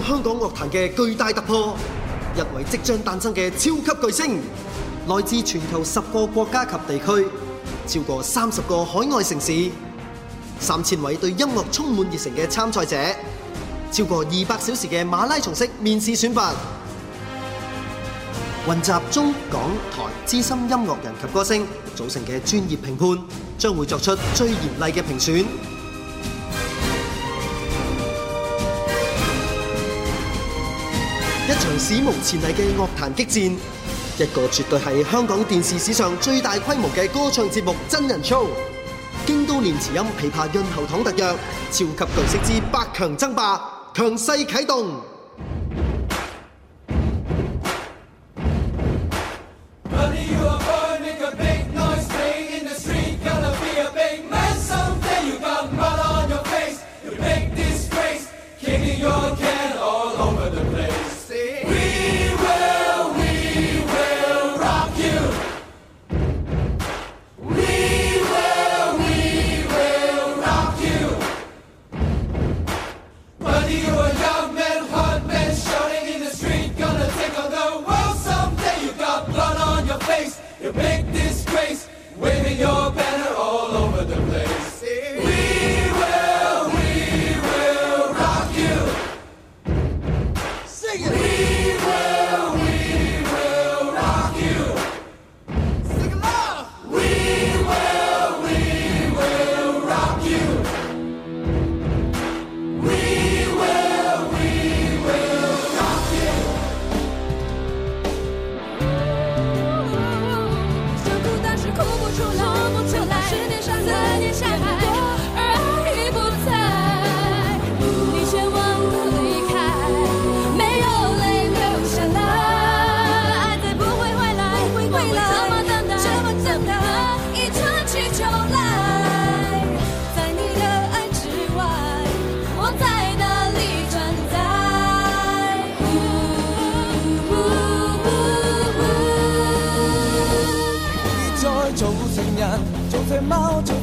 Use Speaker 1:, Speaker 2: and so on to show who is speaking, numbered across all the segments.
Speaker 1: 香港樂壇嘅巨大突破，一位即將誕生嘅超級巨星，來自全球十個國家及地區，超過三十個海外城市，三千位對音樂充滿熱誠嘅參賽者，超過二百小時嘅馬拉松式面試選拔，雲集中港台資深音樂人及歌星組成嘅專業評判，將會作出最嚴厲嘅評選。史無前例嘅樂壇激戰，一個絕對係香港電視史上最大規模嘅歌唱節目真人 Show，京都念慈菴琵琶潤喉糖特約，超級巨聲之百強爭霸強勢啟動。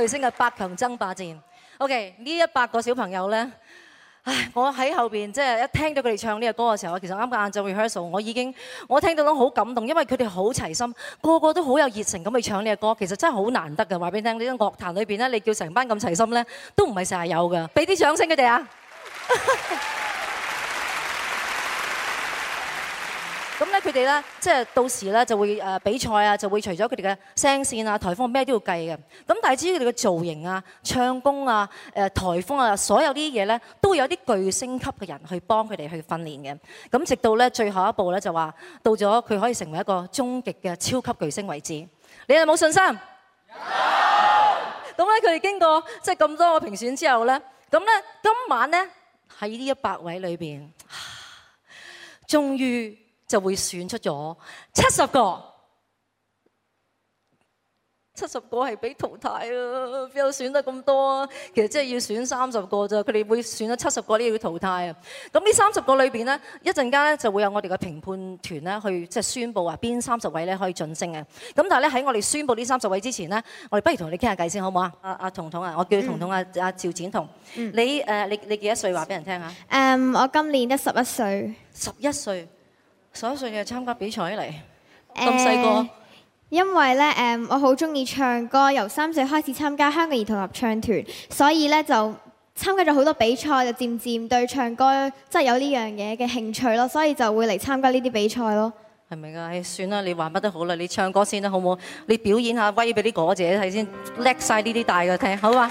Speaker 2: 巨星嘅八強爭霸戰，OK 呢一百個小朋友呢，唉，我喺後邊即係一聽到佢哋唱呢個歌嘅時候，其實啱啱晏晝 rehearsal，我已經我聽到都好感動，因為佢哋好齊心，個個都好有熱情咁去唱呢個歌，其實真係好難得㗎。話俾你聽，呢個樂壇裏邊呢，你叫成班咁齊心呢，都唔係成日有㗎。俾啲掌聲佢哋啊！ 咁咧，佢哋咧，即係到時咧就會、呃、比賽啊，就會除咗佢哋嘅聲線啊、台風咩都要計嘅。咁但係至於佢哋嘅造型啊、唱功啊、誒台風啊，所有啲嘢咧，都有啲巨星級嘅人去幫佢哋去訓練嘅。咁直到咧最後一步咧，就話到咗佢可以成為一個終極嘅超級巨星為止。你哋有冇信心？咁咧有，佢哋經過即係咁多個評選之後咧，咁咧今晚咧喺呢一百位裏邊，終於，就會選出咗七十個，七十個係俾淘汰啊！邊有選得咁多啊？其實即係要選三十個啫，佢哋會選咗七十個都要淘汰啊！咁呢三十個裏邊咧，一陣間咧就會有我哋嘅評判團咧去即係宣布啊，邊三十位咧可以晉升嘅。咁但係咧喺我哋宣布呢三十位之前咧，我哋不如同你傾下偈先好唔好啊？阿阿彤彤啊，我叫彤彤、嗯、啊，阿趙展彤，嗯、你誒、uh, 你你幾多歲？話俾人聽下。誒，um, 我今年一十一歲。十一歲。11歲就參加比賽嚟，咁細、uh, 個，
Speaker 3: 因為咧誒，我好中意唱歌，由三歲開始參加香港兒童合唱團，所以咧就參加咗好多比賽，就漸漸對唱歌即係有呢樣嘢嘅興趣咯，所以就會嚟參加呢啲比賽咯。
Speaker 2: 係咪啊？誒，算啦，你話乜都好啦，你唱歌先啦，好唔好？你表演下威俾啲果姐睇先，叻晒呢啲大嘅聽，好嘛？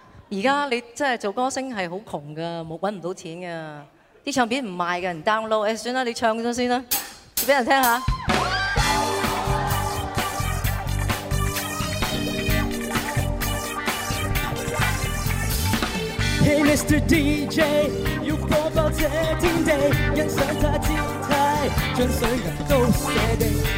Speaker 2: 而家你真係做歌星係好窮㗎，冇揾唔到錢㗎，啲唱片唔賣㗎，人 download。誒、哎，算啦，你唱咗先啦，俾人聽下。
Speaker 4: Hey, Mr. DJ,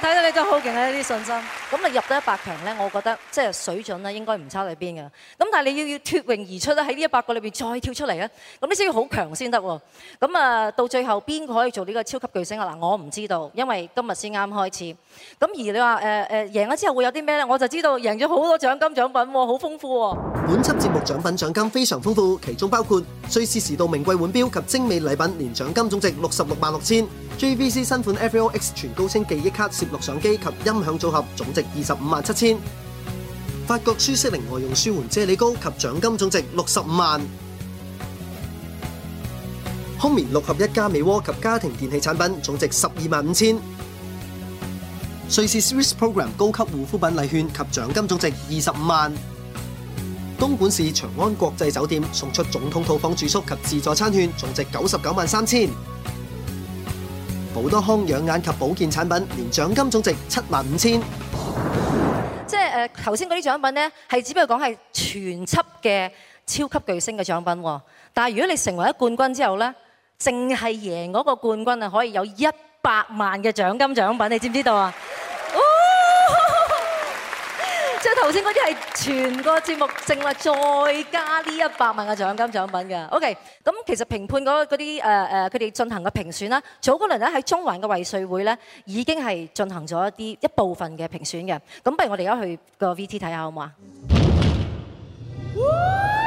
Speaker 2: 睇到你真係好勁啊！呢啲信心，咁啊入到一百強咧，我覺得即係水準咧應該唔差到邊㗎。咁但係你要要脫穎而出咧，喺呢一百個裏邊再跳出嚟咧，咁你先要好強先得喎。咁啊，到最後邊個可以做呢個超級巨星啊？嗱，我唔知道，因為今日先啱開始。咁而你話誒誒贏咗之後會有啲咩咧？我就知道贏咗好多獎金獎品，好豐富。
Speaker 1: 本輯節目獎品獎金非常豐富，其中包括瑞士時度名貴腕錶及精美禮品，年獎金總值六十六萬六千。JVC 新款 FLOX 全高清記憶卡。錄相機及音響組合總值二十五萬七千，法國舒適靈外用舒緩啫喱膏及獎金總值六十五萬，Homi 六合一家美窩及家庭電器產品總值十二萬五千，瑞士 Swiss Program 高級護膚品禮券及獎金總值二十五萬，東莞市長安國際酒店送出總統套房住宿及自助餐券總值九十九萬三千。好多康養眼及保健產品，連獎金總值七萬五千。
Speaker 2: 即係誒頭先嗰啲獎品咧，係只不過講係全輯嘅超級巨星嘅獎品喎。但係如果你成為咗冠軍之後咧，淨係贏嗰個冠軍啊，可以有一百萬嘅獎金獎品，你知唔知道啊？頭先嗰啲係全個節目淨係再加呢一百萬嘅獎金獎品㗎。OK，咁其實評判嗰嗰啲誒誒，佢哋進行嘅評選啦，早嗰輪咧喺中環嘅維瑞會咧已經係進行咗一啲一部分嘅評選嘅。咁不如我哋而家去個 VT 睇下好唔好啊？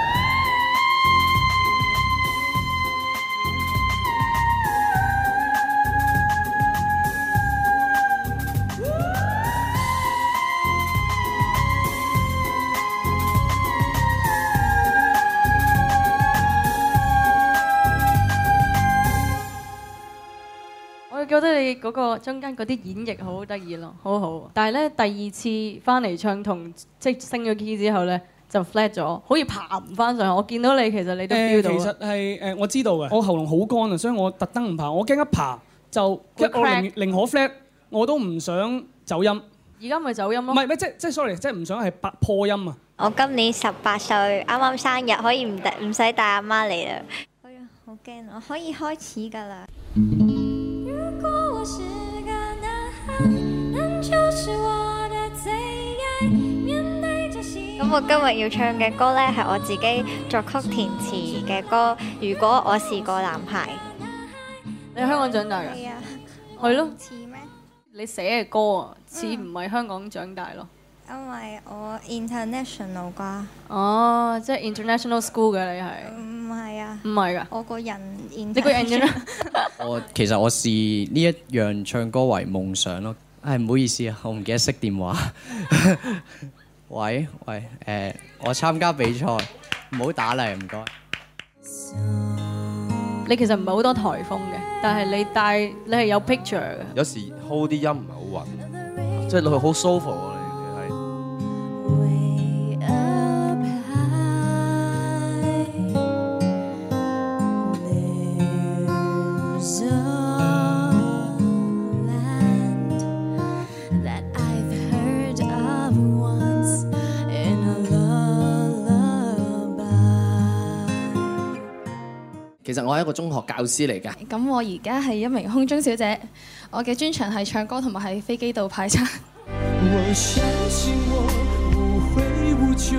Speaker 5: 覺得你嗰個中間嗰啲演繹好得意咯，好好。但係咧，第二次翻嚟唱同即升咗 key 之後咧，就 flat 咗，可以爬唔翻上去。我見到你其實你都 feel 到、欸。其實
Speaker 6: 係誒、呃，我知道嘅。我喉嚨好乾啊，所以我特登唔爬。我驚一爬就了一我寧寧可 flat，我都唔想走音。
Speaker 5: 而家咪走音咯。
Speaker 6: 唔係唔係，即即 sorry，即唔想係八破音啊。
Speaker 5: 我今年十八歲，啱啱生日，可以唔唔使帶阿媽嚟啦。哎呀，好驚！我可以開始㗎啦。嗯
Speaker 6: 咁我今日要唱嘅
Speaker 5: 歌呢，係我自己作曲填詞嘅歌。如果我是個男孩，
Speaker 1: 你係香港長大噶？係啊，係
Speaker 5: 咯。似咩？你寫嘅歌啊，似唔係香港長大咯？嗯、因為我 international 啩？哦，即係 international school 嘅你係？唔係、呃、啊，唔係噶。我個人，你個人
Speaker 6: 我其實我視呢一樣唱歌為夢想咯。係唔好意思啊，我唔記得熄電話。喂喂，誒，我參加比賽，唔好打嚟，唔該。
Speaker 5: 你其實唔係好多台風嘅，但係你帶你係有 picture 嘅。
Speaker 7: 有時 hold 啲音唔係好穩，
Speaker 6: 即係落去好 soft 啊你係。
Speaker 8: 我係一個中學教師嚟
Speaker 5: 㗎，咁我而家係一名空中小姐，我嘅專長係唱歌同埋喺飛機度派餐。
Speaker 4: 我相信我無悔無求，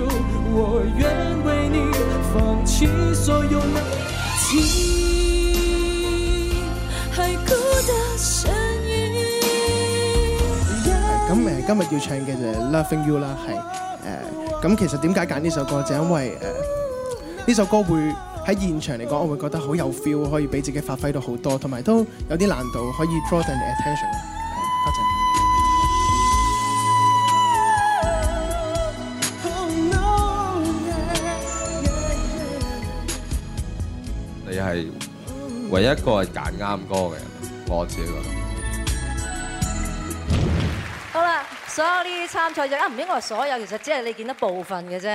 Speaker 4: 我願為你放棄所有。
Speaker 8: 咁，誒，今日要唱嘅就係、是《Loving You》啦，係誒，咁其實點解揀呢首歌就因為誒呢、呃、首歌會。喺現場嚟講，我會覺得好有 feel，可以俾自己發揮到好多，同埋都有啲難度，可以 draw their attention。多
Speaker 9: 謝，謝謝
Speaker 7: 你。你係唯一一個係揀啱歌嘅人，我自己覺得。
Speaker 2: 所有呢啲參賽者啊，唔應該話所有，其實只係你見得部分嘅啫。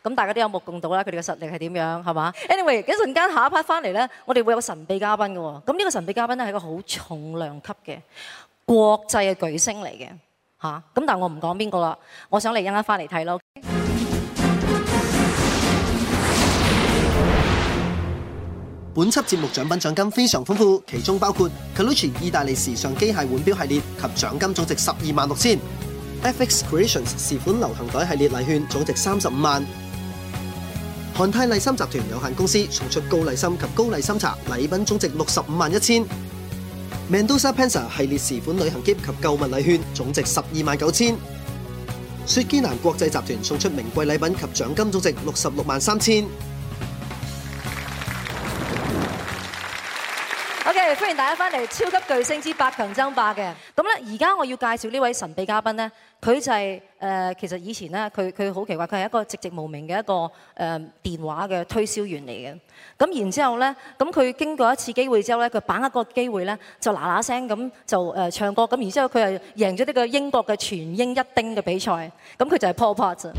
Speaker 2: 咁大家都有目共睹啦，佢哋嘅實力係點樣係嘛？anyway，一陣間下一 part 翻嚟咧，我哋會有個神秘嘉賓嘅喎。咁呢個神秘嘉賓咧係個好重量級嘅國際嘅巨星嚟嘅嚇。咁但係我唔講邊個啦，我想你一陣間翻嚟睇咯。
Speaker 1: 本輯節目獎品獎金非常豐富，其中包括 Cultura 意大利時尚機械腕錶系列及獎金總值十二萬六千。FX Creations 時款流行袋系列禮券總值三十五萬；韓泰麗參集團有限公司送出高麗參及高麗參茶禮品總值六十五萬一千；Mendoza Pensa 系列時款旅行篋及購物禮券總值十二萬九千；雪肌蘭國際集團送出名貴禮品及獎金總值六十六萬三千。
Speaker 2: OK，歡迎大家翻嚟《超級巨星之八強爭霸的》嘅。咁咧，而家我要介紹呢位神秘嘉賓咧，佢就係、是、誒、呃，其實以前咧，佢佢好奇怪，佢係一個籍籍無名嘅一個誒電話嘅推銷員嚟嘅。咁然之後咧，咁佢經過一次機會之後咧，佢把握個機會咧，就嗱嗱聲咁就誒唱歌。咁然之後佢係贏咗呢個英國嘅全英一叮嘅比賽。咁佢就係 Paul Potts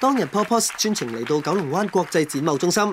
Speaker 1: 當日、Paul、Potts 專程嚟到九龍灣國際展貿中心。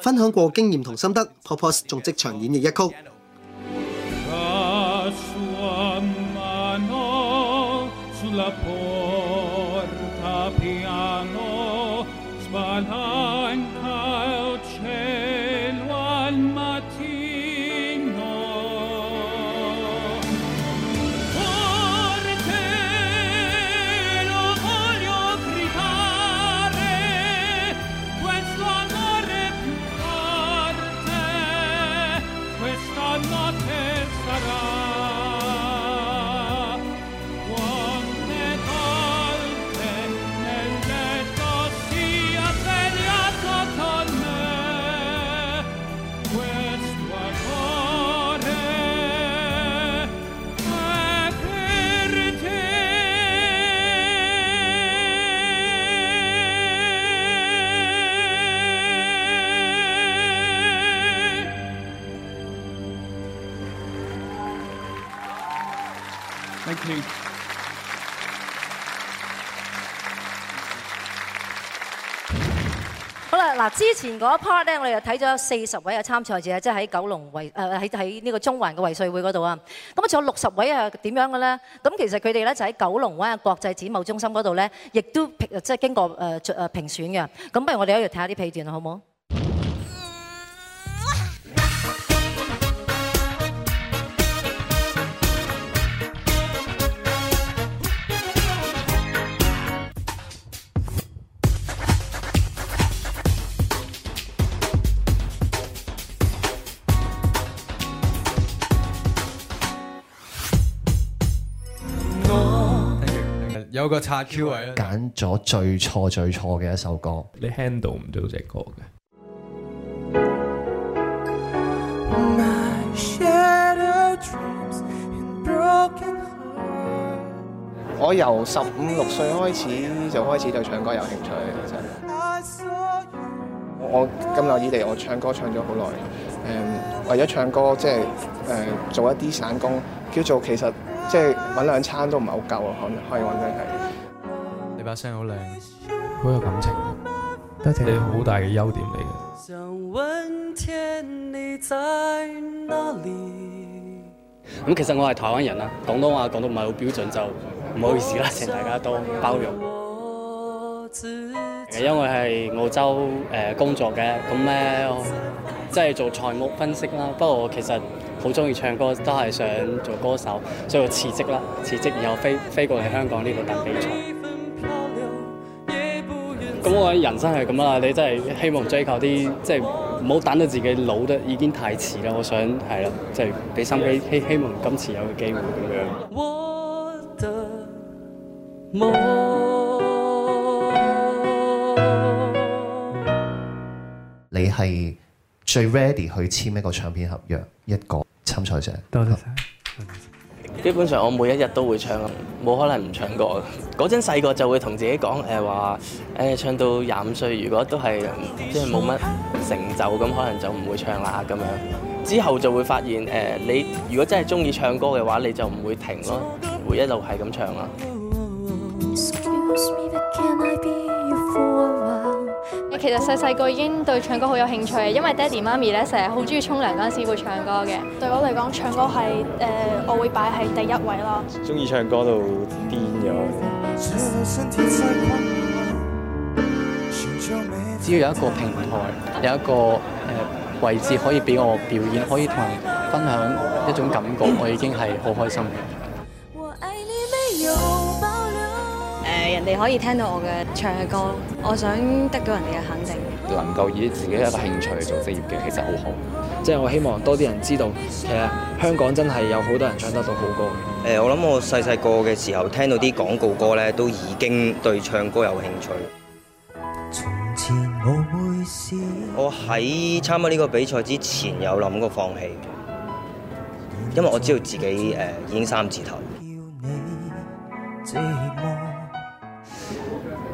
Speaker 1: 分享過經驗同心得，Popos 仲即場演繹一曲。
Speaker 2: 之前嗰 part 咧，我哋就睇咗四十位嘅參賽者，即係喺九龍維誒喺喺呢個中環嘅維瑞會嗰度啊。咁啊，仲有六十位啊，點樣嘅咧？咁其實佢哋咧就喺九龍灣國際展貿中心嗰度咧，亦都即係經過誒誒評選嘅。咁不如我哋一於睇下啲片段啦，好唔好？
Speaker 10: 個叉 Q 位啊！揀
Speaker 8: 咗最錯最錯嘅一首歌，
Speaker 10: 你 handle 唔
Speaker 8: 到
Speaker 9: 隻歌嘅。我
Speaker 8: 由十五六歲開始就開始對唱歌有興趣，真係。我我咁耐以嚟，我唱歌唱咗好耐。誒，為咗唱歌，即係誒、呃、做一啲散工，叫做其實。即係揾兩餐都唔係好夠啊，可能可以
Speaker 4: 揾得係。你把聲好靚，
Speaker 10: 好有感情，多謝。你好
Speaker 11: 大嘅優點嚟嘅。
Speaker 4: 想問天你在哪裏？
Speaker 11: 咁其實我係台灣人啦，廣東話講得唔係好標準，就唔好意思啦，請大家都包容。我因為係澳洲誒工作嘅，咁咧即係做財務分析啦。不過我其實好中意唱歌，都係想做歌手，所以我辭職啦，辭職然後飛飛過嚟香港呢度等比賽。咁我人生係咁啊，你真係希望追求啲，即係唔好等到自己老得已經太遲啦。我想係啦，即係俾心機希希望今次有個機會咁樣。我的
Speaker 8: 你係最 ready 去簽一個唱片合約，一個參賽者。多謝曬。
Speaker 11: 好基本上我每一日都會唱，冇可能唔唱歌。嗰陣細個就會同自己講誒，話，誒唱到廿五歲，如果都係即係冇乜成就，咁可能就唔會唱啦咁樣。之後就會發現誒、呃，你如果真係中意唱歌嘅話，你就唔會停咯，會一路係咁唱啦。
Speaker 5: 其實細細個已經對唱歌好有興趣，因為爹哋媽咪咧成日好中意沖涼嗰陣時會唱歌嘅。對我嚟講，唱歌係誒、呃，我會擺喺第一位咯。
Speaker 7: 中意唱歌到癲咗。
Speaker 6: 只要有一個平台，有一個誒、呃，位置可以俾我表演，可以同人分享一種感覺，我已經係好開心嘅。
Speaker 5: 人哋可以聽到我嘅唱嘅歌，我想得到人哋嘅肯定。
Speaker 7: 能夠以自己嘅一個興趣做職業嘅，其實好好。
Speaker 11: 即係我希望多啲人知道，其實香港真係有好多人唱得到好歌。
Speaker 7: 誒、欸，我諗我細細個嘅時候聽到啲廣告歌咧，都已經對唱歌有興趣。我喺參加呢個比賽之前有諗過放棄，因為我知道自己誒、呃、已經三字頭。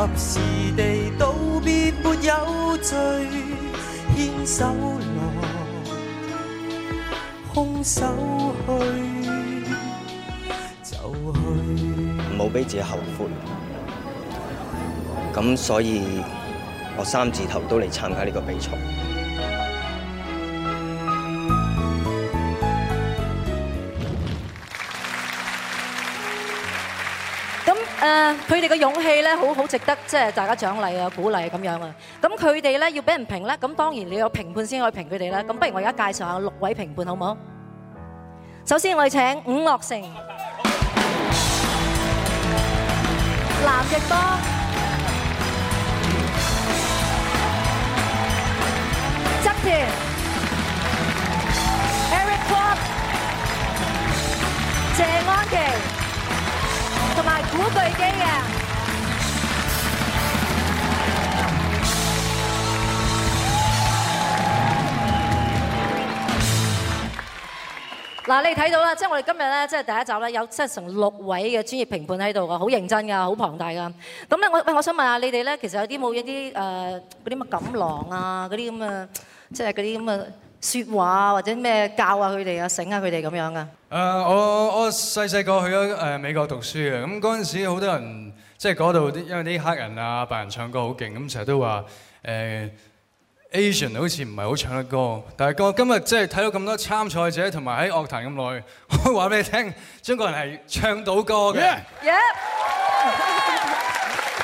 Speaker 4: 地罪，唔好俾
Speaker 7: 自己後悔。咁，所以我三字頭都嚟參加呢個比賽。
Speaker 2: 誒，佢哋嘅勇氣咧，好好值得即係大家獎勵啊、鼓勵咁樣啊。咁佢哋咧要俾人評咧，咁當然你要有評判先可以評佢哋咧。咁不如我而家介紹下六位評判好唔好？首先我哋請伍樂城、藍奕邦、側田、Eric Kwong、謝安琪，同埋古巨基嘅。嗱，你睇到啦，即係我哋今日咧，即係第一集咧，有即係成六位嘅專業評判喺度噶，好認真噶，好龐大噶。咁咧，我喂，我想問下你哋咧，其實有啲冇一啲誒嗰啲乜錦囊啊，嗰啲咁啊，即係嗰啲咁啊。説話啊，或者咩教啊，佢哋啊，醒下佢哋咁樣啊。
Speaker 10: 誒，我我細細個去咗誒美國讀書嘅，咁嗰陣時好多人即係嗰度，因為啲黑人啊、白人唱歌、欸、好勁，咁成日都話誒 Asian 好似唔係好唱得歌。但係今今日即係睇到咁多參賽者同埋喺樂壇咁耐，我話俾你聽，中國人係唱到歌嘅。Yeah.
Speaker 5: yeah.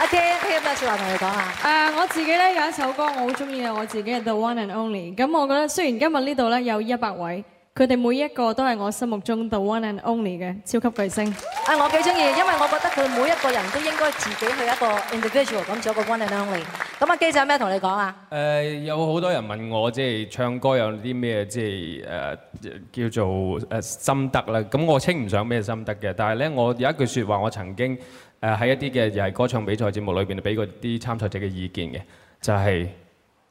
Speaker 5: OK，聽日有咩説話同你講啊？誒，我自己咧有一首歌我好中意嘅，我自己嘅《The One and Only》。咁我覺得雖然今日呢度咧有一百位，佢哋每一個都係我心目中《The One and Only》嘅超級巨星。啊，我幾中意，因為我覺得佢每一個人都應該
Speaker 2: 自己係一個 individual，咁做一個《One and Only》。咁
Speaker 11: 啊，基仔有咩同你講啊？誒，有好多人問我即係唱歌有啲咩即係誒叫做誒心得啦。咁我稱唔上咩心得嘅，但係咧我有一句説話我曾經，誒喺一啲嘅又係歌唱比賽節目裏邊，俾啲參賽者嘅意見嘅，就係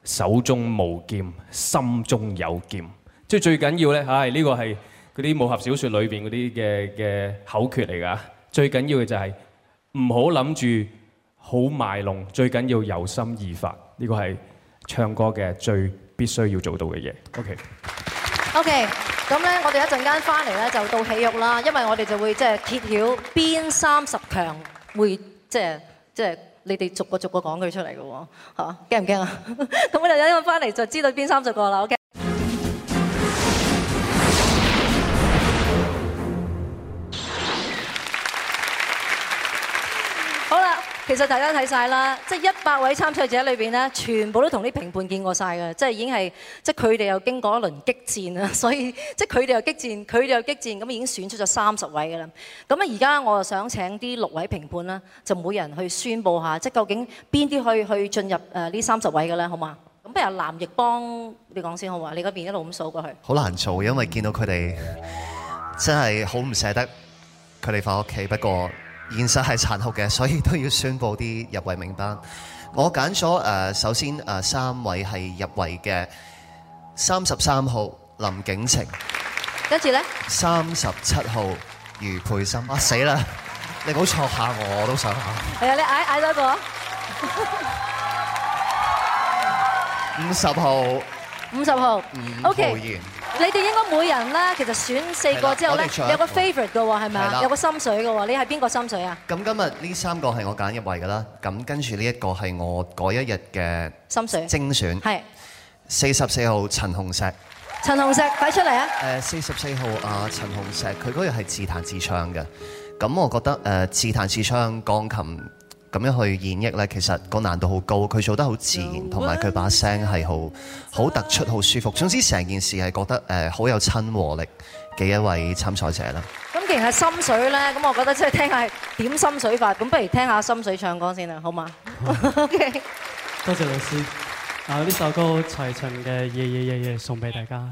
Speaker 11: 手中無劍，心中有劍。即係最緊要咧，唉、這、呢個係嗰啲武俠小說裏邊嗰啲嘅嘅口訣嚟㗎。最緊要嘅就係唔好諗住好賣弄，最緊要由心而發。呢個係唱歌嘅最必須要做到嘅嘢。OK。
Speaker 2: OK。咁咧，我哋一陣間翻嚟咧就到戲肉啦，因為我哋就會即係揭曉邊三十強。會即係即係你哋逐個逐個講佢出嚟嘅喎，嚇，驚唔驚啊？咁 我哋一陣翻嚟就知道邊三十個啦。OK。其實大家睇晒啦，即係一百位參賽者裏邊咧，全部都同啲評判見過晒嘅，即係已經係即係佢哋又經過一輪激戰啦，所以即係佢哋又激戰，佢哋又激戰，咁已經選出咗三十位嘅啦。咁啊，而家我就想請啲六位評判啦，就每人去宣佈下，即係究竟邊啲去去進入誒呢三十位嘅咧，好嘛？咁不如藍奕邦，你講先好嘛？你嗰邊一路咁數過去。
Speaker 8: 好難做，因為見到佢哋真係好唔捨得佢哋返屋企，不過，現實係殘酷嘅，所以都要宣佈啲入圍名單。我揀咗誒，首先誒、呃、三位係入圍嘅，三十三號林景晴，
Speaker 2: 跟住咧
Speaker 8: 三十七號余培心。啊死啦！你唔好坐下我，我都想下！
Speaker 2: 係啊，你嗌嗌多一個五十 號，五十號，五十號
Speaker 8: Okay.。
Speaker 2: 你哋應該每人咧，其實選四個之後咧，有個 favorite 㗎喎，係咪啊？了有個心水㗎喎，你係邊個心水啊？
Speaker 8: 咁今日呢三個係我揀一位㗎啦。咁跟住呢一個係我嗰一日嘅心水精選，係四十四號陳紅石。
Speaker 2: 陳紅石，快 出嚟
Speaker 8: 啊！誒、uh，四十四號啊，陳紅石，佢嗰日係自彈自唱㗎。咁我覺得誒、呃，自彈自唱鋼琴。咁樣去演繹咧，其實個難度好高，佢做得好自然，同埋佢把聲係好好突出、好舒服。總之，成件事係覺得好有親和力嘅一位參賽者啦。
Speaker 2: 咁其實心水咧，咁我覺得即係聽下點心水法，咁不如聽下心水唱歌先啦，好嗎？OK，
Speaker 4: 多謝老師。啊，呢首歌齊秦嘅夜夜夜夜送俾大家。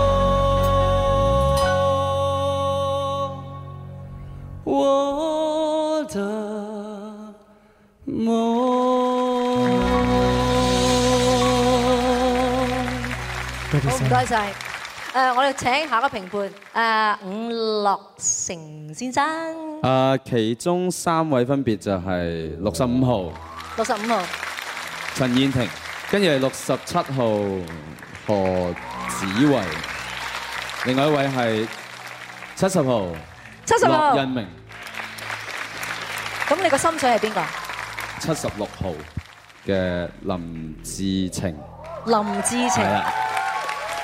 Speaker 4: 多
Speaker 2: 謝。誒、就是呃，我哋請下個評判，誒、呃，伍樂城先生。
Speaker 7: 誒，其中三位分別就係六十五號、
Speaker 2: 六十五號、
Speaker 7: 陳燕婷，跟住係六十七號何子慧，另外一位係七十號、
Speaker 2: 七十六號印明。咁你個心水係邊個？七
Speaker 7: 十六號嘅林志晴。
Speaker 2: 林志晴。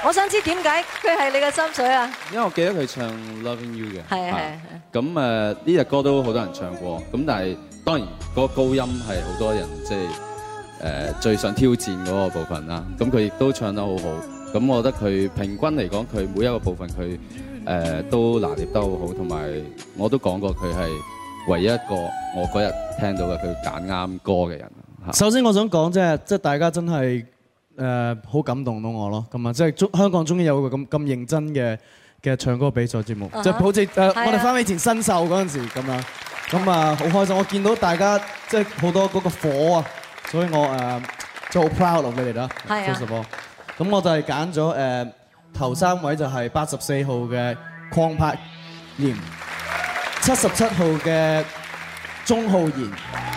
Speaker 2: 我想知點解佢係你嘅心水啊？
Speaker 7: 因為我記得佢唱《Loving You》嘅，係啊係啊。咁誒呢隻歌都好多人唱過，咁但係當然嗰個高音係好多人即係誒最想挑戰嗰個部分啦。咁佢亦都唱得好好。咁我覺得佢平均嚟講，佢每一個部分佢誒、呃、都拿捏得好好，同埋我都講過佢係唯一一個我嗰日聽到嘅佢揀啱歌嘅人。的，
Speaker 6: 首先我想講即係即係大家真係。誒好感動到我咯，咁啊，即係中香港終於有一個咁咁認真嘅嘅唱歌比賽節目，就係好似我哋翻起以前新秀嗰陣時咁啊。咁啊好開心，我見到大家即係好多嗰個火啊，所以我誒就好 proud 落佢哋啦，講實話，咁我就係揀咗誒頭三位就係八十四號嘅鄺柏炎，七十七號嘅鐘浩然。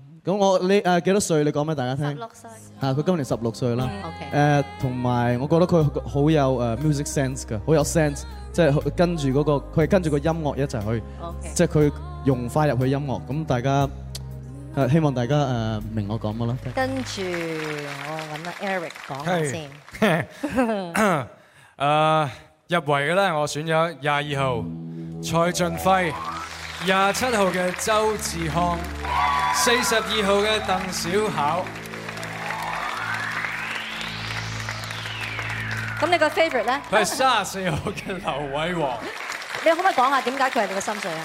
Speaker 6: 咁我你誒幾多歲？你講俾大家聽。十六歲。嚇，佢今年十六歲啦。誒，同埋我覺得佢好有誒 music sense 㗎，好有 sense，即係跟住嗰個，佢係跟住個音樂一齊去，即係佢融化入去音樂。咁大家誒，希望大家誒明我講乜啦。
Speaker 2: 跟住我揾阿 Eric 講下
Speaker 10: 先。誒入圍嘅咧，我選咗廿二號蔡俊輝。廿七號嘅周志康，四十二號嘅鄧小巧。
Speaker 2: 咁你個 favorite 咧？
Speaker 10: 佢係卅四號嘅劉偉王。
Speaker 2: 你可唔可以講下點解佢係你嘅心水啊？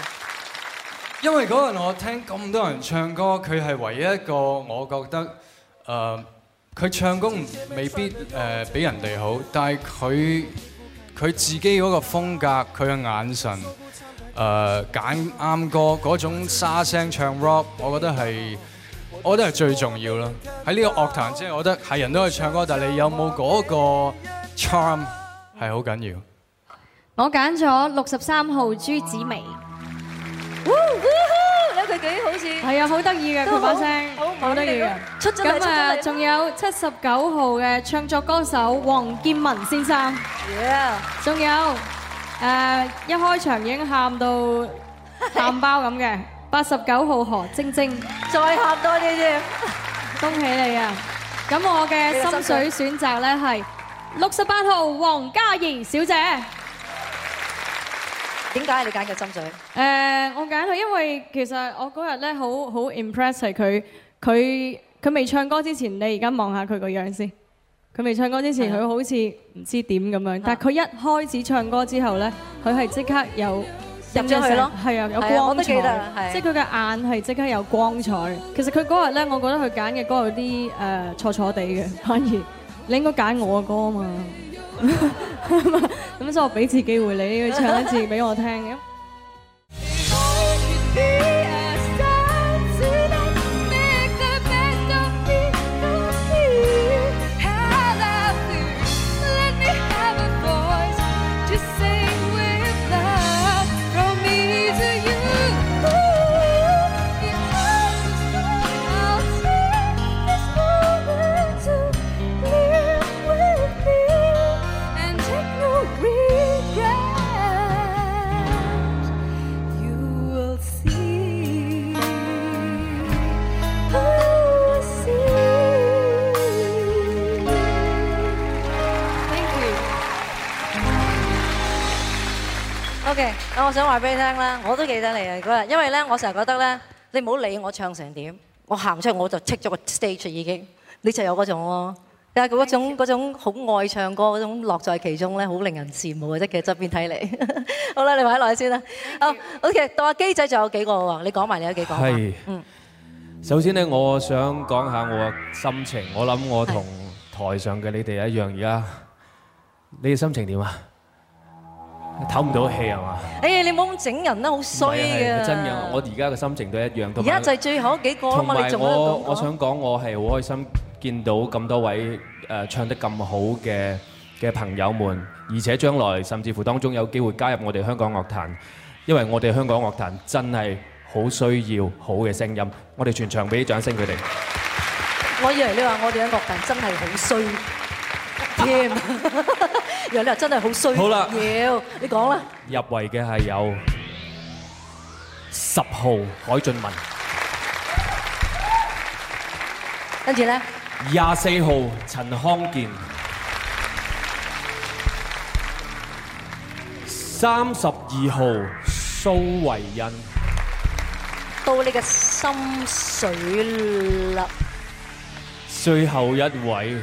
Speaker 10: 因為嗰日我聽咁多人唱歌，佢係唯一一個我覺得，誒、呃，佢唱功未必誒、呃、比人哋好，但係佢佢自己嗰個風格，佢嘅眼神。誒，揀啱歌嗰種沙聲唱 rap，我覺得係，我覺得係最重要咯。喺呢個樂壇即係，我覺得係人都可以唱歌，但係你有冇嗰個 charm 係好緊要。
Speaker 5: 我揀咗六十三號朱子薇。哇！你
Speaker 2: 睇佢幾好似，係啊，好得意嘅佢把聲，好得意
Speaker 5: 嘅。咁啊，仲有七十九號嘅唱作歌手黃建文先生，仲有。誒，一開場已經喊到蛋包咁嘅，八十九號何晶晶，再喊多啲先，恭喜你啊！咁我嘅心水選擇咧係六十八號黃嘉怡小姐，點解你揀佢心水？誒，我揀佢，因為其實我嗰日咧好好 impress 係佢，佢佢未唱歌之前，你而家望下佢個樣先。佢未唱歌之前，佢好似唔知點咁樣，但係佢一開始唱歌之後咧，佢係即刻有入咗去咯，係啊，有光彩，即係佢嘅眼係即刻有光彩。其實佢嗰日咧，我覺得佢揀嘅歌有啲誒錯錯地嘅，反而你應該揀我嘅歌啊嘛，咁所以我俾次機會你去唱一次俾我聽嘅。
Speaker 2: 啊！我想話俾你聽啦，我都記得你啊嗰日，因為咧我成日覺得咧，你唔好理我唱成點，我行出嚟我就 take 咗個 stage 已經，你就有嗰種咯。但係嗰種嗰種好愛唱歌嗰種樂在其中咧，好令人羨慕嘅。即係側邊睇你，好啦，你埋落去先啦。哦，OK，到阿基仔仲有幾個啊？你講埋你有幾個。係，嗯，
Speaker 11: 首先咧，我想講下我嘅心情。我諗我同台上嘅你哋一樣，而家你嘅心情點啊？唞唔到氣係嘛？
Speaker 2: 哎呀，你冇咁整人啦，好衰嘅。真嘅，
Speaker 11: 我而家嘅心情都一樣。而家就係
Speaker 2: 最後嗰幾個啦嘛，仲有。我想
Speaker 11: 講，我係好開心見到咁多位誒唱得咁好嘅嘅朋友們，而且將來甚至乎當中有機會加入我哋香港樂壇，因為我哋香港樂壇真係好需要好嘅聲音。我哋全場俾啲掌聲佢哋。
Speaker 2: 我以為你話我哋嘅樂壇真係好衰添。有啲人真係好衰，好啦，要你講啦。
Speaker 11: 入圍嘅係有十號海俊文，
Speaker 2: 跟住咧
Speaker 11: 廿四號陳康健，三十二號蘇維恩，
Speaker 2: 到你嘅心水啦。
Speaker 11: 最後一位。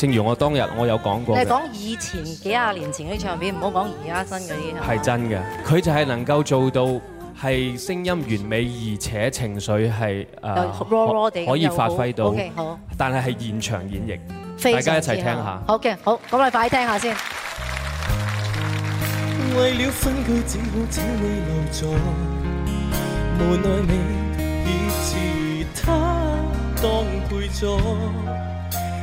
Speaker 11: 正如我當日我有講過，你講
Speaker 2: 以前幾廿年前嗰啲唱片，唔好講而家新啲係真
Speaker 11: 嘅。佢就係能夠做到係聲音完美，而且情緒係誒可以發揮到。
Speaker 2: 但係係
Speaker 11: 現場演繹，大家一齊聽下。好
Speaker 2: 嘅，好，咁我哋快啲聽下先。為了分居，只好請
Speaker 4: 你留在，無奈你已是他當配角。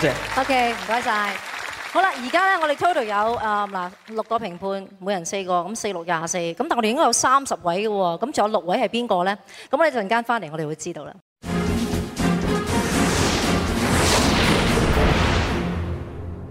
Speaker 2: O K，唔該曬。好啦，而家咧我哋 total 有啊嗱六個評判，每人四個，咁四六廿四。咁但係我哋應該有三十位嘅喎，咁仲有六位係邊個咧？咁我哋陣間翻嚟，我哋會知道啦。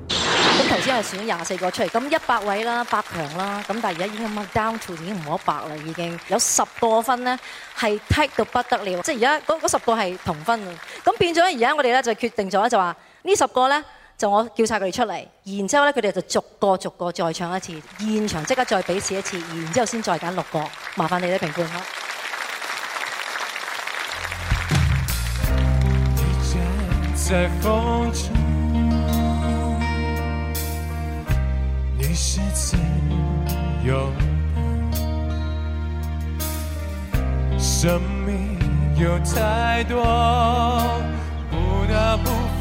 Speaker 2: 咁頭先係選廿四個出嚟，咁一百位啦，百強啦。咁但係而家已經 down to 已經唔到一百啦，已經有十個分咧，係踢到不得了。即係而家嗰嗰十個係同分啊。咁變咗而家我哋咧就決定咗就話。呢十個呢，就我叫晒佢哋出嚟，然之後呢，佢哋就逐個逐個再唱一次，現場即刻再比試一次，然之後先再揀六個，麻煩你哋評
Speaker 12: 判下。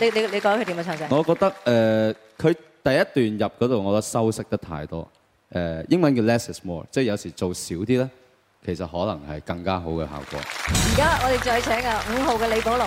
Speaker 2: 你你你
Speaker 7: 覺得佢點樣唱啫？我覺得誒，佢第一段入嗰度，我覺得修飾得太多。誒，英文叫 less is more，即係有時做少啲咧，其實可能係更加好嘅效果。
Speaker 2: 而家我哋再請啊
Speaker 9: 五號嘅李寶龍。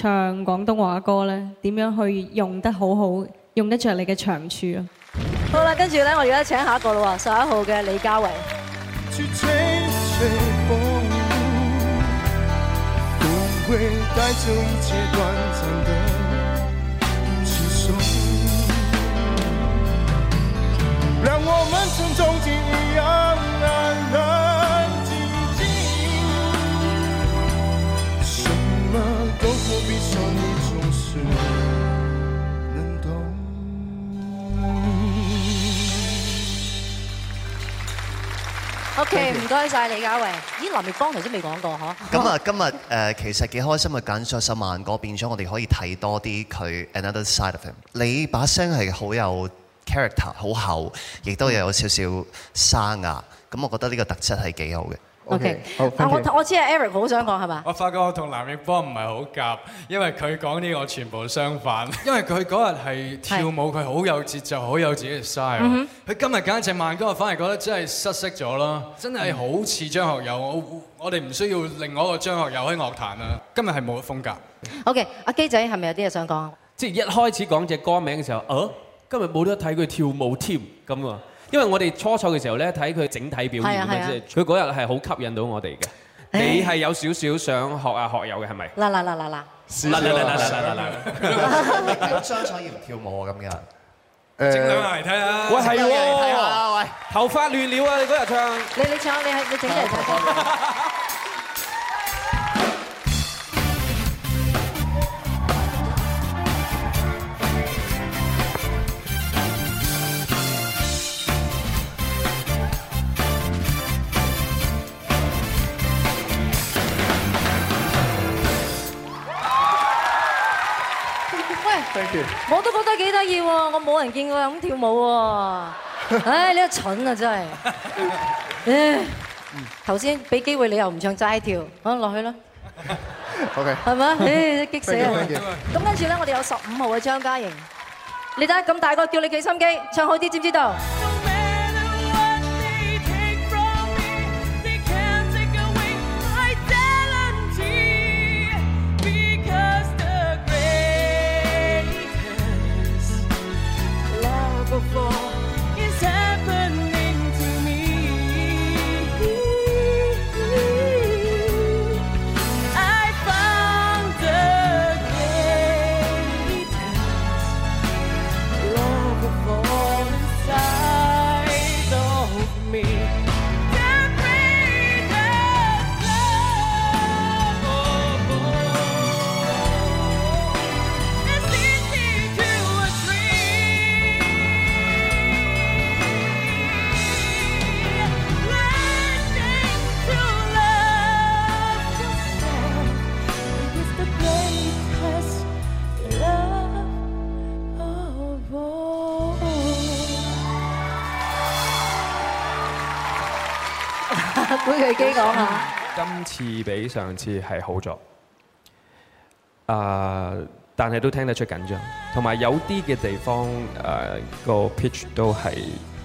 Speaker 5: 唱廣東話歌咧，點樣去用得好好，用得着你嘅長處啊！
Speaker 2: 好啦，跟住咧，我而家請下一個啦喎，十一號嘅李嘉偉。
Speaker 9: O.K. 唔該晒。李嘉榮咦？
Speaker 2: 藍奕邦頭先未
Speaker 8: 講過嚇。咁啊，今日誒、呃、其實幾開心啊，揀咗十萬個變咗我哋可以睇多啲佢 Another Side of Him。你把聲係好有 character，好厚，亦都有少少沙啞。咁我覺得呢個特質係幾好嘅。O K，好，啊，
Speaker 2: 我我知係 Eric 好想講係嘛？
Speaker 10: 我發覺我同藍奕邦唔係好夾，因為佢講呢個全部相反。因為佢嗰日係跳舞，佢好有節奏，好有自己嘅 style。佢今日揀一隻慢歌，我反而覺得真係失色咗咯。真係好似張學友，我我哋唔需要另外一個張學友喺樂壇啦。今日係冇乜風格。
Speaker 2: O K，阿基仔係咪有啲嘢想講啊？
Speaker 10: 即係一開始講隻歌名嘅時候，呃，今日冇得
Speaker 11: 睇佢跳舞添咁啊！因為我哋初賽嘅時候咧，睇佢整體表現啊，即係佢嗰日係好吸引到我哋嘅。你係有少少想學啊，學友嘅係咪？嗱嗱嗱嗱嗱，係
Speaker 8: 啦。嗱嗱嗱
Speaker 10: 嗱嗱嗱嗱，張彩怡
Speaker 2: 唔
Speaker 11: 跳舞啊，今日。誒，整兩下嚟睇下。喂，係喎。係啊，喂。頭髮亂了啊，你嗰日唱。
Speaker 2: 你你唱，你係你整日唱歌。Thank 我都覺得幾得意喎，我冇人見過咁跳舞喎。唉，你個蠢啊真係。頭先俾機會你又唔唱，齋跳，好落去啦。
Speaker 8: OK，係咪？唉，激死啊！
Speaker 2: 咁跟住咧，我哋有十五號嘅張嘉瑩，你睇下咁大個叫你幾心機，唱好啲知唔知道？
Speaker 11: 會記講下，今次比上次係好咗，啊、呃！但係都聽得出緊張，同埋有啲嘅地方，誒、呃、個 pitch 都係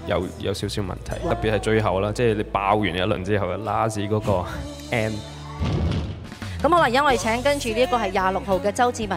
Speaker 11: 有有少少問題，特別係最後啦，即係你爆完一輪之後，拉屎嗰個 M。
Speaker 2: 咁好啦，而家我哋請跟住呢個係廿六號嘅周志文。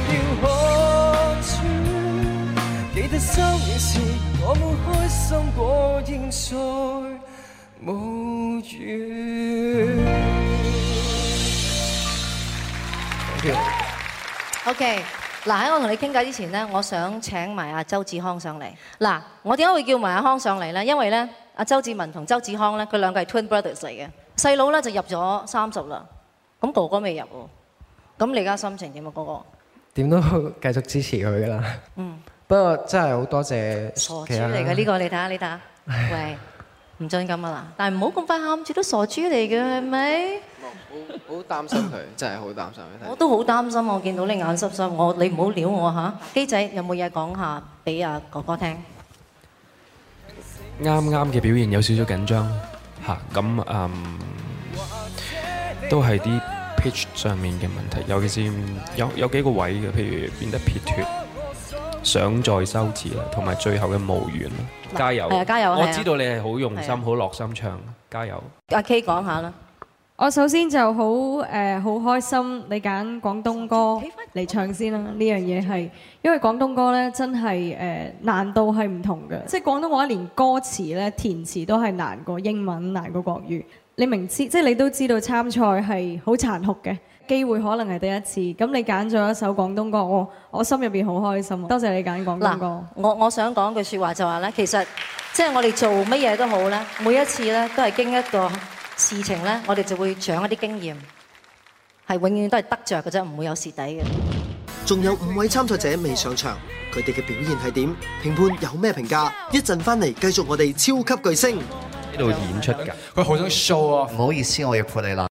Speaker 4: 的相遇時，我們開心過，現在
Speaker 2: 無語。O K，嗱喺我同你傾偈之前咧，我想請埋阿周志康上嚟。嗱，我點解會叫埋阿康上嚟咧？因為咧，阿周志文同周志康咧，佢兩個係 twin brothers 嚟嘅。細佬咧就入咗三十啦，咁哥哥未入喎。咁你而家心情點啊，哥哥？
Speaker 10: 點都繼續支持佢噶啦。嗯。不過真係好多謝傻豬嚟嘅呢個，
Speaker 2: 你睇下你睇下，喂，唔准咁啊啦，但係唔好咁快喊住，都傻豬嚟嘅係咪？
Speaker 11: 好好擔心佢，真係好擔心。我
Speaker 2: 都好擔心，我見到你眼濕濕，我你唔好撩我嚇。機仔有冇嘢講下俾阿哥哥聽？
Speaker 11: 啱啱嘅表現有少少緊張嚇，咁，嗯，都係啲 pitch 上面嘅問題，尤其是有有幾個位嘅，譬如變得撇脱。想再收詞啦，同埋最後嘅無緣啦，加油！係啊，加油！我知道你係好用心、好落心唱，加油！
Speaker 5: 阿 K 講下啦，我首先就好誒好開心，你揀廣東歌嚟唱先啦。呢樣嘢係因為廣東歌呢真係誒難度係唔同嘅，即係廣東話連歌詞呢填詞都係難過英文，難過國語。你明知即係你都知道參賽係好殘酷嘅。機會可能係第一次，咁你揀咗一首廣東歌喎，我心入邊好開心。多謝你揀廣東歌。我我想講句説話就話咧，其實
Speaker 2: 即係、就是、我哋做乜嘢都好咧，每一次咧都係經一個事情咧，我哋就會長一啲經驗，係永遠都係得着嘅啫，唔會有蝕底嘅。
Speaker 1: 仲有五位參賽者未上場，佢哋嘅表現係點？評判有咩評價？一陣翻嚟繼續我哋超級巨星呢度演出㗎，佢好想 show 啊！唔好意思，我要陪你啦。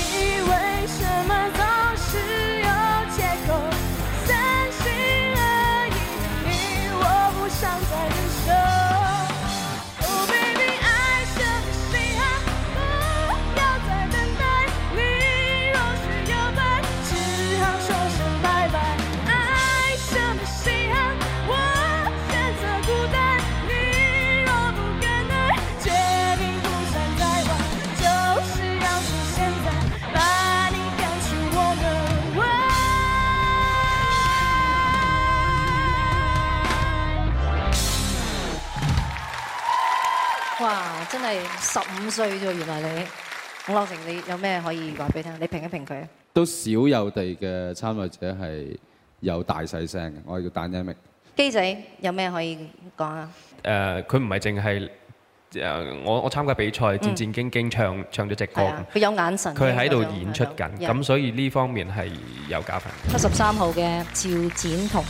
Speaker 2: 十五歲啫，原來你伍樂城，你有咩可以話俾聽？你評一評佢。
Speaker 7: 都少有地嘅參賽者係有大細聲嘅，我係叫單音麥。
Speaker 2: 機仔有咩可以講啊？
Speaker 11: 誒，佢唔係淨係，我我參加比賽，戰戰兢兢唱唱咗隻歌。佢
Speaker 2: 有眼神，佢喺度演
Speaker 11: 出緊，咁所以呢方面係有加分。七十三
Speaker 2: 號嘅趙展彤。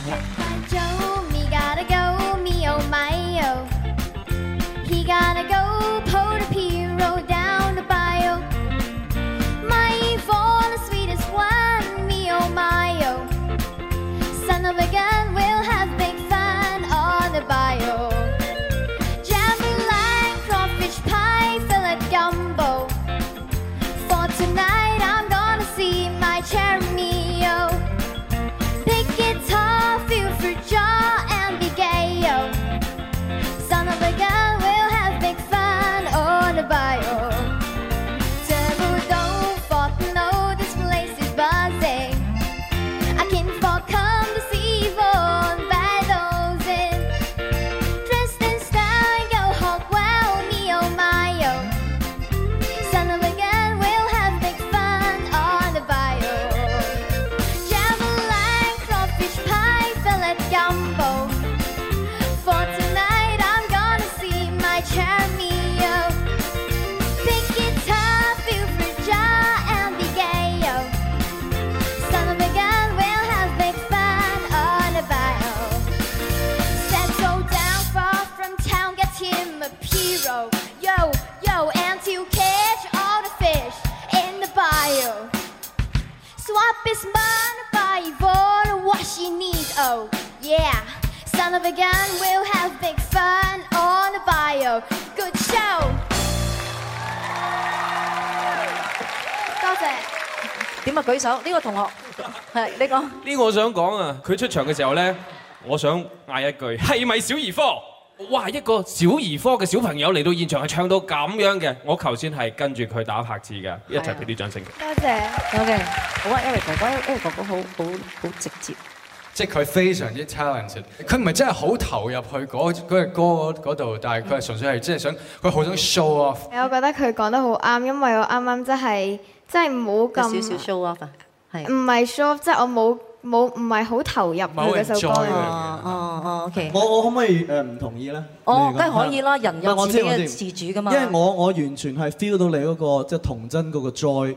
Speaker 2: 舉
Speaker 11: 手，呢個同學係你講。呢 個，我想講啊，佢出場嘅時候咧，我想嗌一句，係咪小兒科？
Speaker 2: 哇，一個
Speaker 11: 小兒科嘅小朋友嚟到現場係唱到咁樣嘅，我頭先係跟住佢打拍子嘅，一齊俾啲掌聲。多
Speaker 2: 的謝，謝，好嘅，好啊，Eric 哥哥，Eric 哥哥好好好，好直接。即係佢非常
Speaker 10: 之 talented，佢唔係真係好投入去嗰隻、嗰個、歌嗰度，但係佢係純粹係真係想，佢好想 show off。
Speaker 3: 我覺得佢講得好啱，因為我啱啱即係即係冇咁少少 show off 啊，
Speaker 6: 係
Speaker 3: 唔係 show off，即係我冇冇唔係好投入嗰首歌啊？哦 OK
Speaker 2: 我我
Speaker 6: 可唔可以誒唔同意咧？哦，梗係說可以啦，是嗎人有自己自主㗎嘛。因為我我完全係 feel 到你嗰、嗰個即係、即係、童真嗰個 joy。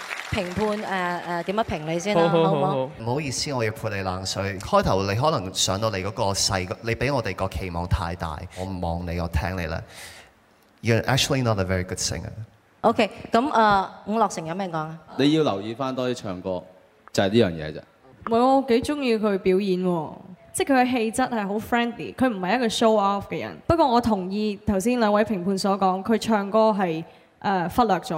Speaker 2: 評判，誒誒點樣評你先啦、啊好嗎，好
Speaker 8: 唔好？唔好意思，我要潑你冷水。開頭你可能上到你嗰個細，你俾我哋個期望太大。我唔望你，我聽你啦。You're actually not a very good singer.
Speaker 2: OK，咁啊，伍樂城有咩
Speaker 5: 講
Speaker 7: 啊？你要留意翻多啲唱歌，就係呢樣嘢啫。
Speaker 5: 唔係、嗯，我幾中意佢表演喎，即係佢嘅氣質係好 friendly。佢唔係一個 show off 嘅人。不過我同意頭先兩位評判所講，佢唱歌係誒、呃、忽略咗。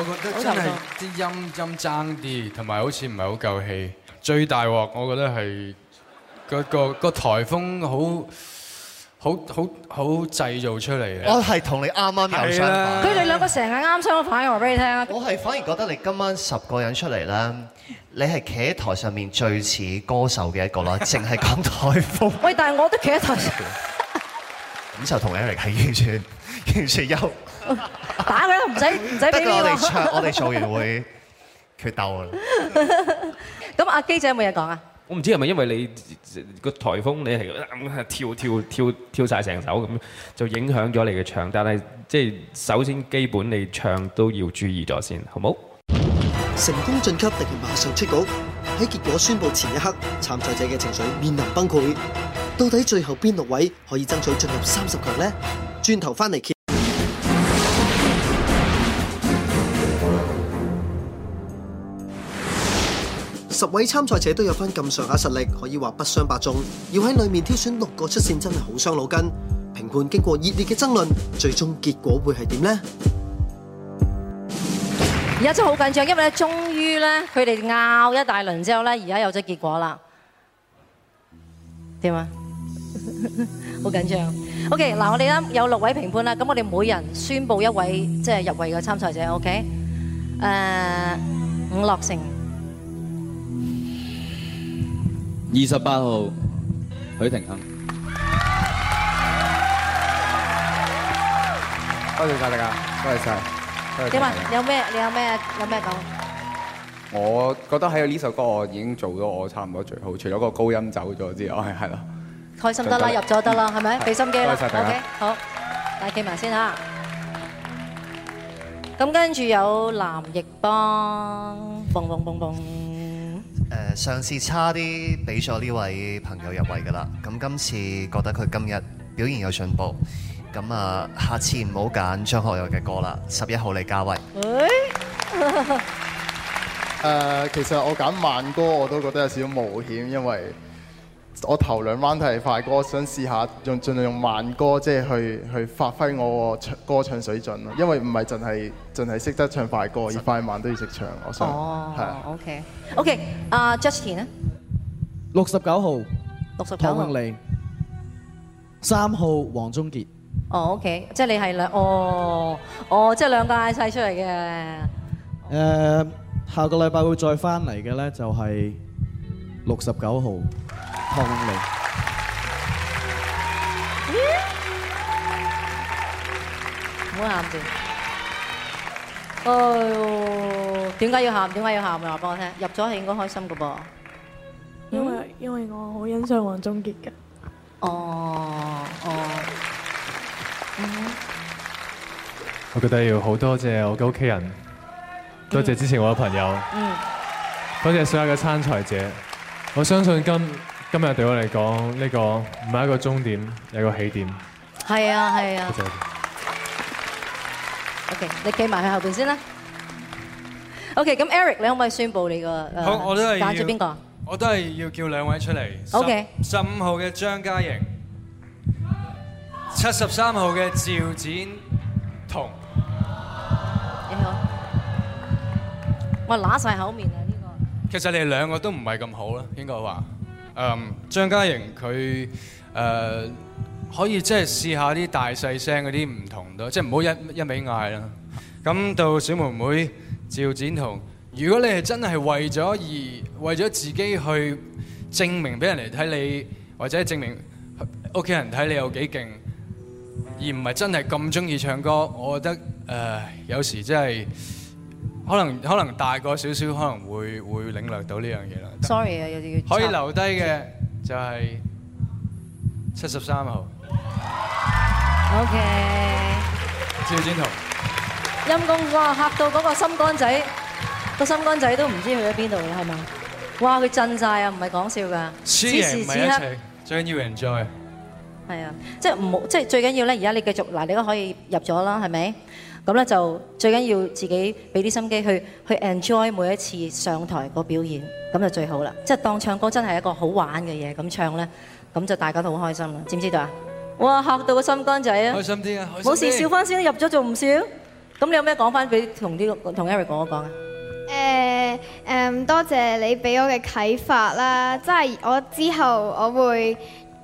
Speaker 10: 我覺得真係啲音音爭啲，同埋好似唔係好夠氣。最大鑊我覺得係個個個台風好好好好製造出嚟嘅。我係同你啱
Speaker 8: 啱相反。佢哋
Speaker 2: 兩個成日啱相反，我話俾你聽。我係反而覺得
Speaker 8: 你今晚
Speaker 10: 十個人出
Speaker 8: 嚟咧，你係企喺台上面最似歌手嘅一個啦，淨係講台
Speaker 2: 風。喂，但係我都企喺台
Speaker 8: 上面。咁就同 Eric 係完全。完全
Speaker 11: 有
Speaker 2: 打，打佢啦，唔使唔使俾我哋唱，
Speaker 11: 我哋做完會決鬥。
Speaker 2: 咁阿基仔有冇嘢講啊？
Speaker 11: 我唔知係咪因為你個颱風，你係跳跳跳跳曬成首咁，就影響咗你嘅唱。但係即係首先基本你唱都要注意咗先，好冇？
Speaker 1: 成功晉級，定馬上出局。喺結果宣布前一刻，參賽者嘅情緒面臨崩潰。到底最後邊六位可以爭取進入三十強呢？轉頭翻嚟揭，十位參賽者都有翻咁上下實力，可以話不相伯仲。要喺裏面挑選六個出線真係好傷腦筋。評判經過熱烈嘅爭論，最終結果會係點呢？而
Speaker 2: 家真係好緊張，因為咧，終於咧，佢哋拗一大輪之後咧，而家有咗結果啦。點啊？好緊張。OK，嗱，我哋咧有六位評判啦，咁我哋每人宣布一位即係入圍嘅參賽者。OK，誒，伍樂城，
Speaker 7: 二十八號，許廷鏗。多謝晒大家，多謝晒。嘉文，你
Speaker 2: 有咩？你有咩？有咩講？
Speaker 7: 我覺得喺呢首歌我已經做到我差唔多最好，除咗個高音走咗之外，係咯。
Speaker 2: 開心得啦，入咗得啦，係咪？俾心機啦，OK，好，大家企埋先吓。咁跟住有藍奕邦，嘣
Speaker 8: 嘣嘣嘣。誒，上次差啲俾咗呢位朋友入圍㗎喇，咁今次覺得佢今日表現有進步，咁啊，下次唔好揀張學友嘅歌啦。十一號李嘉威。誒。誒，其實我揀慢歌我都覺得有少少冒險，因為。我頭兩彎都係快歌，想試下用盡量用慢歌，即、就、係、是、去去發揮我唱歌唱水準咯。因為唔係淨係淨係識得唱快歌，而快慢都要識唱。我想係。哦是
Speaker 2: ，OK，OK，、okay. okay, 阿、uh, Justin 咧，
Speaker 6: 六十九號，
Speaker 2: 六十九號，
Speaker 6: 三號黃宗傑。
Speaker 2: 哦、oh，OK，即係你係兩，哦，哦，即係兩個嗌晒出嚟嘅。誒
Speaker 6: ，uh, 下個禮拜會再翻嚟嘅咧，就係六十九號。痛
Speaker 13: 嚟，
Speaker 2: 唔好喊住。哦，點解要喊？點解要喊？咪話俾我聽。入咗係應該開心噶噃。因為
Speaker 5: 因為我好欣賞黃宗傑嘅。
Speaker 2: 哦哦。嗯。
Speaker 11: 我覺得要好多謝我嘅屋企人，多謝之前我嘅朋友，
Speaker 13: 嗯、
Speaker 11: 多謝所有嘅參賽者。我相信今。今日對我嚟講，呢個唔係一個終點，係一個起點。
Speaker 2: 係啊，係啊。好謝。OK，你企埋去後邊先啦。OK，咁 Eric，你可唔可以宣布你個？好，我都係要揀出邊個？
Speaker 10: 我都係要叫兩位出嚟。OK。十五號嘅張嘉瑩，七十三號嘅趙展彤。你好。
Speaker 2: 我揦晒口面啊！呢個。
Speaker 10: 其實你哋兩個都唔係咁好啦，應該話。嗯，um, 張嘉瑩佢誒、uh, 可以即係試下啲大細聲嗰啲唔同度，即係唔好一一味嗌啦。咁到小妹妹趙展彤，如果你係真係為咗而為咗自己去證明俾人嚟睇你，或者證明屋企人睇你有幾勁，而唔係真係咁鍾意唱歌，我覺得誒、uh, 有時真係。可能可能大個少少可能會會領略到呢樣嘢啦。
Speaker 2: Sorry 啊，有啲可以留低
Speaker 10: 嘅就係七十三號。
Speaker 2: OK。趙展彤。陰公，哇，嚇到嗰個心肝仔，個心肝仔都唔知去咗邊度啦，係嘛？哇！佢震曬啊，唔係講笑㗎。此時此刻
Speaker 10: 最緊要 enjoy。
Speaker 2: 係啊，即係唔好，即係最緊要咧。而家你繼續嗱，你都可以入咗啦，係咪？咁咧就最緊要自己俾啲心機去去 enjoy 每一次上台個表演，咁就最好啦。即係當唱歌真係一個好玩嘅嘢，咁唱咧，咁就大家都好開心啦。知唔知道啊？哇！嚇到個心肝仔啊！開心
Speaker 3: 啲啊！冇事，笑翻
Speaker 2: 先。入咗仲唔笑？咁你有咩講翻俾同啲同 Eric 講一講啊？
Speaker 3: 誒誒，多謝你俾我嘅啟發啦！即係我之後我會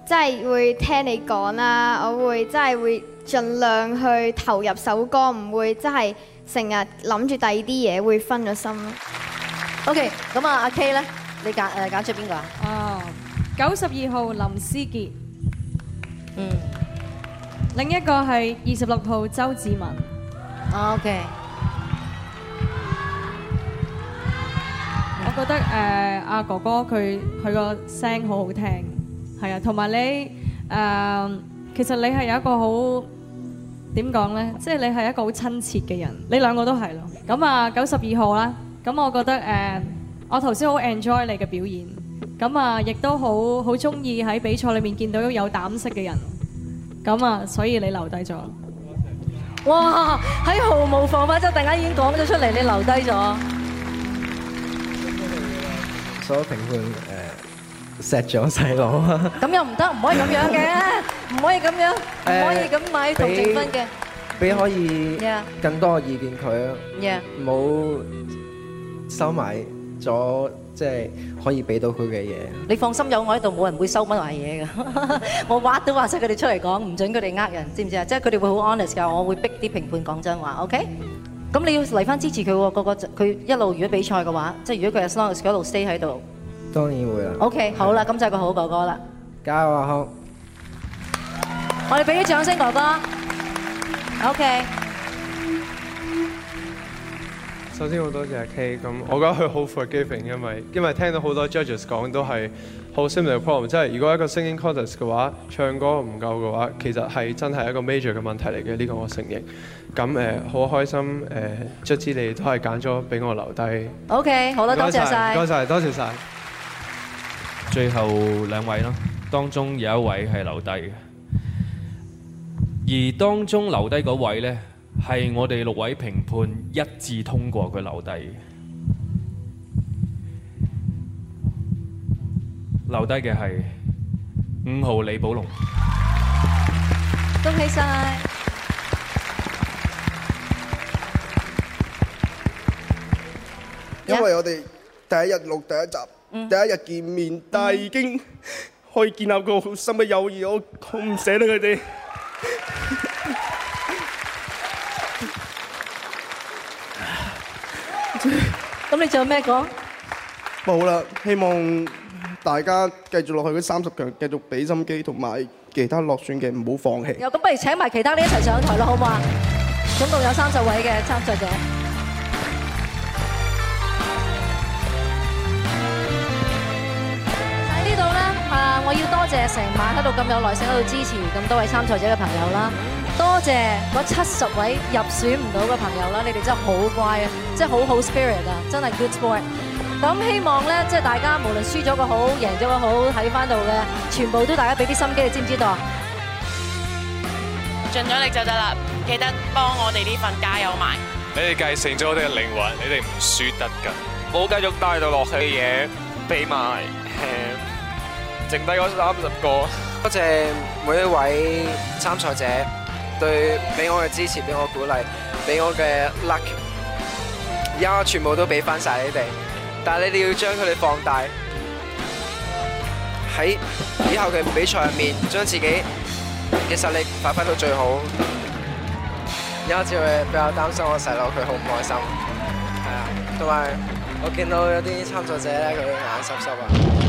Speaker 3: 即係會聽你講啦，我會即係會。儘量去投入首歌，唔會即係成日諗住第二啲嘢，會分咗心。OK，
Speaker 5: 咁啊，阿 K 咧，你揀誒揀出邊個啊？哦，九十二號林思傑。嗯。另一個係二十六號周志文。OK。我覺得誒阿哥哥佢佢個聲好好聽，係啊，同埋你誒其實你係有一個好。點講呢？即係你係一個好親切嘅人，你兩個都係咯。咁啊，九十二號啦。咁我覺得誒，我頭先好 enjoy 你嘅表演。咁啊，亦都好好中意喺比賽裡面見到有膽色嘅人。咁啊，所以你留低咗。哇！喺毫無防備之後，突然間已經講咗出嚟，你留低咗。
Speaker 1: 所有評判誒。錫咗細佬，
Speaker 2: 咁又唔得，唔可以咁樣嘅，唔可以咁樣，唔可以咁買同情
Speaker 1: 分嘅，俾可以更多意見佢，冇收埋咗即係可以俾到佢嘅嘢。
Speaker 2: 你放心，有我喺度，冇人會收埋壞嘢嘅。我挖都挖出佢哋出嚟講，唔准佢哋呃人，知唔知啊？即係佢哋會好 honest 嘅，我會逼啲評判講真話。OK，咁你要嚟翻支持佢喎，個個佢一路如果比賽嘅話，即係如果佢有 slowness，佢一路 stay 喺度。當然會啦。O K，好啦，
Speaker 1: 咁就係個好哥哥啦。加油
Speaker 2: 啊，好！我哋俾啲掌聲，哥哥。O K，
Speaker 10: 首先好多謝阿 K，咁我覺得佢好 forgiving，因為因為聽到好多 judges 講都係好 similar problem，即係如果一個 singing contest 嘅話，唱歌唔夠嘅話，其實係真係一個 major 嘅問題嚟嘅。呢個我承認。咁誒，好開心誒，卒之你都係揀咗俾我留低。
Speaker 2: O K，好啦，多謝晒。多謝
Speaker 11: 曬，多謝晒。最後兩位啦，當中有一位係留低，而當中留低嗰位呢，係我哋六位評判一致通過佢留低，留低嘅係五號李寶龍，
Speaker 5: 恭喜晒！因為我哋
Speaker 11: 第一日錄第一集。第一日見面，但係已經可以建立個好深嘅友誼，我好唔捨得佢哋。
Speaker 2: 咁你仲有咩講？
Speaker 6: 冇啦，希望大家繼續落去嗰三十強，繼續俾心機，同埋其他落選嘅唔好放棄。
Speaker 2: 又咁，不如請埋其他啲一齊上台咯，好唔好啊？總共有三十位嘅參賽者。成晚喺度咁有耐性喺度支持咁多位參賽者嘅朋友啦，多謝嗰七十位入選唔到嘅朋友啦，你哋真係好乖啊，即係好好 spirit 啊，真係 good boy。咁希望咧，即係大家無論輸咗個好，贏咗個好，睇翻到嘅，全部都大家俾啲心機，你知唔知道啊？盡咗力就得啦，記得幫我
Speaker 1: 哋呢份加油埋。
Speaker 11: 你哋繼承咗我哋嘅靈魂，你哋唔輸得噶，冇繼續帶到落去嘅嘢俾埋。剩低嗰三十個，
Speaker 1: 多謝每一位參賽者對俾我嘅支持、俾我嘅鼓勵、俾我嘅 luck。而家我全部都俾翻晒你哋，但係你哋要將佢哋放大喺以後嘅比賽入面，將自己嘅實力發揮到最好。而家只會比較擔心我細佬佢好唔開心，係啊，同埋我見到有啲參賽者咧，佢眼濕濕啊。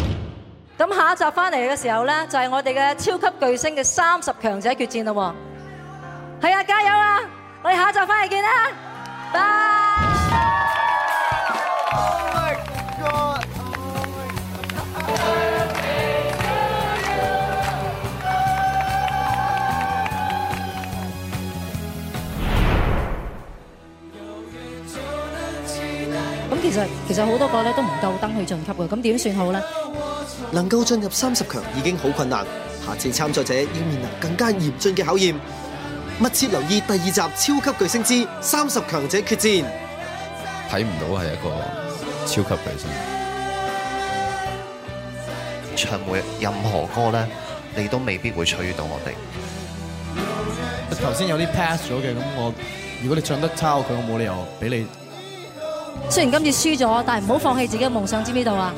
Speaker 2: 咁下一集返嚟嘅時候呢，就係、是、我哋嘅超級巨星嘅三十強者決戰啦！喎、啊，係啊，加油啊！我哋下一集返嚟見啦，拜拜。Bye 其實好多個咧都唔夠登去晉級嘅，咁點算好呢？
Speaker 1: 能夠進入三十強已經好困難，下次參賽者要面臨更加嚴峻嘅考驗。密切留意第二集《超級巨星之三十強者決戰》。
Speaker 7: 睇唔到係一個超級巨
Speaker 8: 星，唱會任何歌咧，
Speaker 6: 你都未必會取到我哋。頭先有啲 pass 咗嘅，咁我如果你唱得差，我佢我冇理由俾你。
Speaker 2: 雖然今次輸咗，但係唔好放棄自己嘅夢想，知唔知道啊？